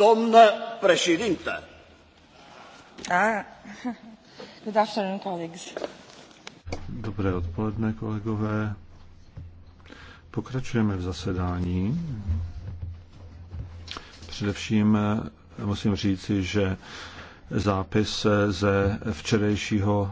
Doamnă președintă! Good afternoon, colleagues. Dobré odpoledne, kolegové. Pokračujeme v zasedání. Především eh, musím říci, že zápis eh, ze včerejšího